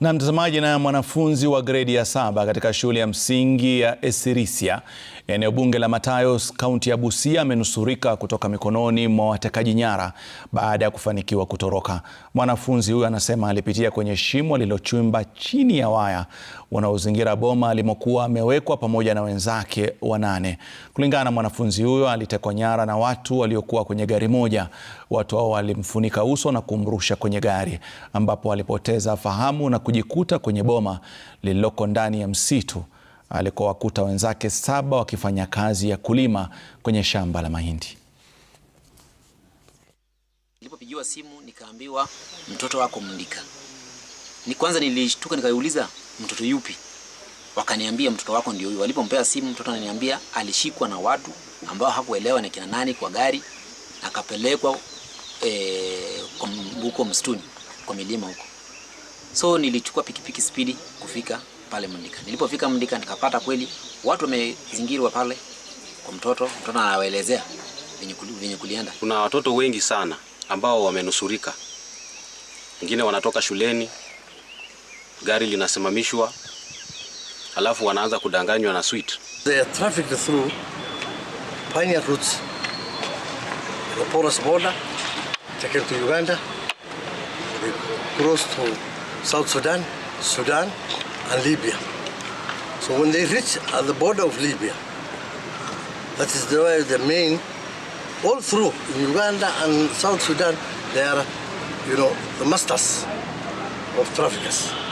Na mtazamaji, naye mwanafunzi wa gredi ya saba katika shule ya msingi ya Esirisia Eneo bunge la Matayos, kaunti ya Busia, amenusurika kutoka mikononi mwa watekaji nyara baada ya kufanikiwa kutoroka. Mwanafunzi huyo anasema alipitia kwenye shimo lililochimba chini ya waya unaozingira boma alimokuwa amewekwa pamoja na wenzake wanane. Kulingana na mwanafunzi huyo, alitekwa nyara na watu waliokuwa kwenye gari moja. Watu hao walimfunika uso na kumrusha kwenye gari, ambapo alipoteza fahamu na kujikuta kwenye boma lililoko ndani ya msitu alikowakuta wenzake saba wakifanya kazi ya kulima kwenye shamba la mahindi. Nilipopigiwa simu nikaambiwa mtoto wako Mndika. Ni kwanza nilishtuka, nikauliza mtoto yupi? Wakaniambia mtoto wako ndio huyo. Walipompea simu mtoto ananiambia alishikwa na watu ambao hakuelewa ni kina nani kwa gari, akapelekwa eh, huko msituni kwa milima huko. So nilichukua pikipiki spidi kufika pale Mndika. Nilipofika Mndika nikapata kweli watu wamezingirwa pale kwa mtoto, mtoto anawaelezea venye kulienda. Kuna watoto wengi sana ambao wamenusurika, wengine wanatoka shuleni, gari linasimamishwa, alafu wanaanza kudanganywa na sweet. The traffic through pioneer routes the porous border take it to Uganda, we cross to South Sudan, Sudan, and Libya. So when they reach at the border of Libya, that is where the main, all through Uganda and South Sudan, they are, you know, the masters of traffickers.